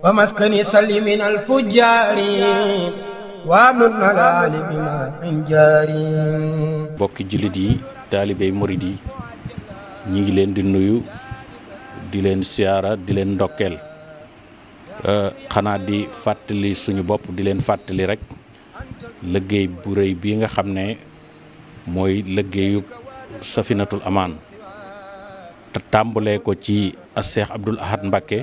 ومسكني سل من الفجار ومن bokki jullit yi taalibey murid yi ñi ngi leen di nuyu di leen siyaara di leen ndokkeel euh, xanaa di fàttali suñu bopp di leen fàttali rek liggéey bu rëy bi nga xam ne mooy liggéeyu safinatul amaan te ko ci Seex Abdul Ahad Mbakke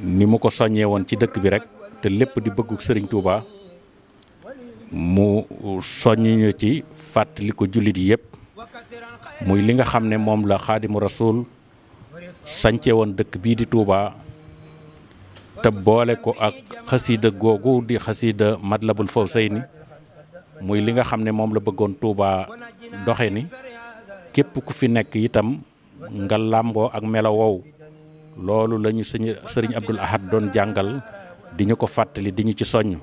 ni mu ko soññee woon ci dëkk bi rek te lépp di bëggu sëriñ Touba mu soññuñu ci fàttali ko jullit yépp muy li nga xam ne moom la xaadimu rasul sañcee woon dëkk bii di Touba te boole ko ak xasiida googu di xasiida Matlabul Fawzayni muy li nga xam ne moom la bëggoon Touba doxe ni képp ku fi nekk itam nga làmboo ak melo woowu loolu lañu ñu sëriñ Abdul Ahad doon jàngal di ñu ko fàttali di ñu ci soññ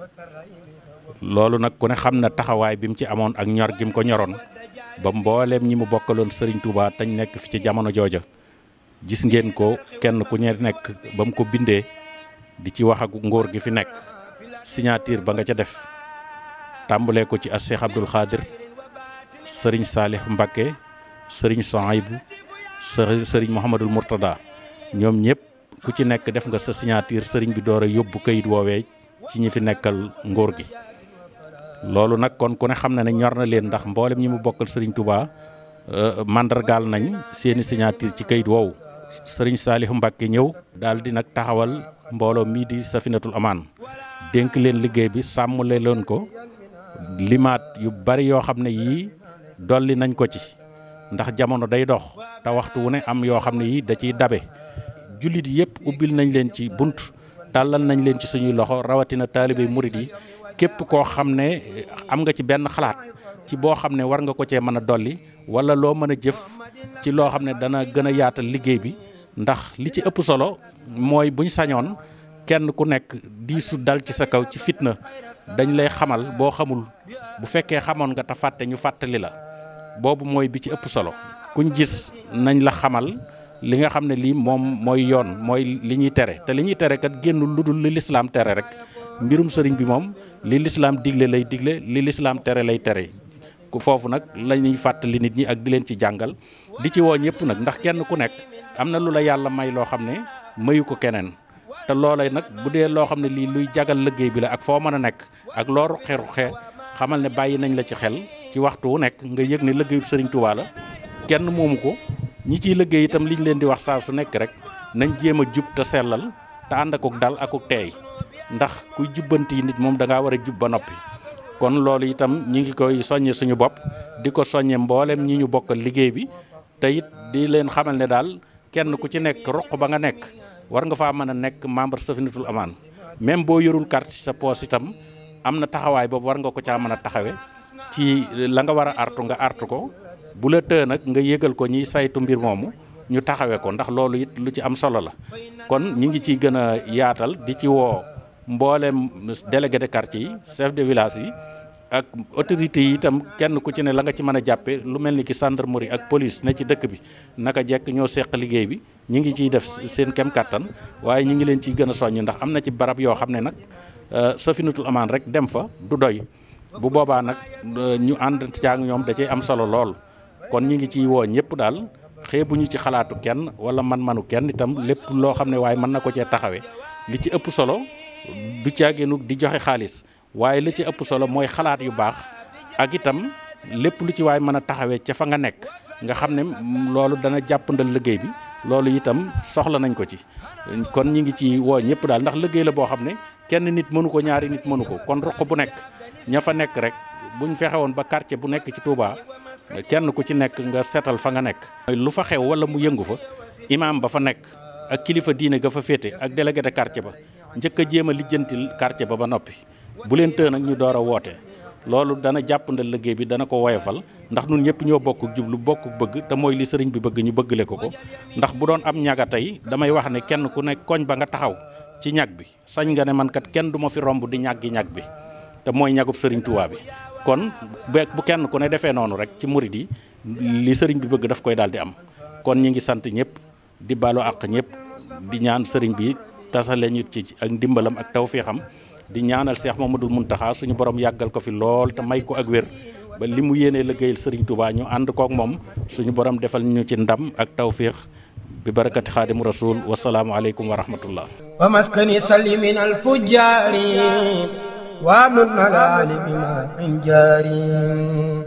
loolu nag ku ne xam na taxawaay bi mu ci amoon ak ñor gi mu ko ñoroon ba mbooleem ñi mu bokkaloon sëriñ Touba tañ nekk fi ci jamono jooja gis ngeen ko kenn ku ñe nekk ba mu ko bindee di ci waxagu nguur gi fi nekk siñaatiir ba nga ca def tàmbalee ko ci as Cheikh Abdul Xaadir sëriñ Saalih Mbakke sëriñ Sohaybu sëriñ Mouhamadul Mourtada ñoom ñëpp ku ci nekk def nga sa signature sëriñ bi door a yóbbu kayit woowee ci ñi fi nekkal nguur gi loolu nag kon ku ne xam na ne ñor na leen ndax mboolem ñi mu bokkal sëriñ Touba euh, mandargaal nañ seeni signature ci kayit woowu sëriñ Saalihu Mbàkke ñëw daal di nag taxawal mbooloo mii di Safinatul Amaan dénk leen liggéey bi sàmmale leen ko limaat yu bari yoo xam ne yii dolli nañ ko ci ndax jamono day dox te waxtu wu ne am yoo xam ne yii da ciy dabe jullit yëpp ubbil nañ leen ci bunt tàllal nañ leen ci suñuy loxo rawatina taalibe murit yi képp koo xam ne eh, am nga ci benn xalaat ci boo xam ne war nga ko cee mën a dolli wala loo mën a jëf ci loo xam ne dana gën a yaatal liggéey bi ndax li ci ëpp solo mooy buñ sañoon kenn ku nekk diisu dal ci sa kaw ci fitna dañ lay xamal boo xamul bu fekkee xamoon nga te fàtte ñu fàttali la boobu mooy bi ci ëpp solo kuñ gis nañ la xamal li nga xam ne lii moom mooy yoon mooy li ñuy tere te li ñuy tere kat génnul lu dul li lislaam tere rek mbirum sëriñ bi moom li lislaam digle lay digle li lislaam tere lay tere ku foofu nag la ñuy fàttali nit ñi ak di leen ci jàngal di ci woo ñëpp nag ndax kenn ku nekk am na lu la yàlla may loo xam ne mayu ko keneen te loolee nag bu dee loo xam ne lii luy jagal liggéey bi la ak foo mën a nekk ak loo ruqe ruqe xamal ne bàyyi nañ la ci xel ci waxtu wu nekk nga yëg ne liggéeyu sëriñ kenn moomu ko ñi ciy liggéey itam ñu leen di wax saa su nekk rek nañ jéem a jub te sellal te ànd akuk dal akuk teey ndax kuy yi nit moom da war a jub ba noppi. kon loolu itam ñi ngi koy soññe suñu bopp di ko soññe mboolem ñi ñu bokkal liggéey bi te it di leen xamal ne daal kenn ku ci nekk roq ba nga nekk war nga faa mën a nekk membre Safinatul Amaan même boo yorul carte sa poos itam am na taxawaay boobu war nga ko caa mën a taxawe ci la nga war a artu nga artu ko. bu la tëë nag nga yëgal ko ñiy saytu mbir moomu ñu taxawee ko ndax loolu it lu ci am solo la kon ñi ngi ciy gën a yaatal di ci woo mbooleem délégué de quartier yi chef de village yi ak autorités yi itam kenn ku ci ne la nga ci mën a jàppe lu mel ni ki gendarmerie ak police ne ci dëkk bi naka jekk ñoo seq liggéey bi ñi ngi ciy def seen kem kàttan waaye ñi ngi leen ciy gën a soññ ndax am na ci barab yoo xam ne nag euh, safinatul amaan rek dem fa du doy bu boobaa nag euh, ñu ànd caag ñoom da cay am solo lool kon ñi ngi ciy woo ñëpp daal bu ñu ci xalaatu kenn wala man-manu kenn itam lépp loo xam ne waaye mën na ko cee taxawee li ci ëpp solo du caageenu di joxe xaalis waaye li ci ëpp solo mooy xalaat yu baax ak itam lépp lu ci waaye mën a taxawee ca fa nga nekk nga xam ne loolu dana jàpp jàppandal liggéey bi loolu itam soxla nañ ko ci kon ñi ngi ci woo ñëpp daal ndax liggéey la boo xam ne kenn nit mënu ko ñaari nit mënu ko kon roq bu nekk ña fa nekk rek buñ fexe ba quartier bu nekk ci Touba nga kenn ku ci nekk nga seetal fa nga nekk. lu fa xew wala mu yëngu fa imaam ba fa nekk ak kilifa diine ga fa féete ak délégué de ba njëkk a jéem a lijjantil quartier ba ba noppi bu leen tëë nag ñu door a wootee loolu dana jàpp jàppandal liggéey bi dana ko woyofal ndax nun ñëpp ñoo bokk jublu bokk bëgg te mooy li sëriñ bi bëgg ñu bëggale ko ko ndax bu doon am ñaga tey damay wax ne kenn ku nekk koñ ba nga taxaw ci ñag bi sañ nga ne mankat kenn du ma fi romb di ñàggi ñag bi te mooy ñagub sëriñ Tuubaa bi kon bu kenn ku ne defee noonu rek ci murid yi li sëriñ bi bëgg daf koy daal di am kon ñi ngi sant ñëpp di baalu àq ñëpp di ñaan sëriñ bi tasale ñu ci ak ndimbalam ak tawféexam di ñaanal Seex moom mun Muntaxa suñu boroom yàggal ko fi lool te may ko ak wér ba li mu yéenee liggéeyal sëriñ Touba ñu ànd ak moom suñu borom defal ñu ci ndam ak tawféex bi barakati xaadimu rasul wasalaamu aleykum wa rahmatullah wa maskani وامن ملال بما عن جارين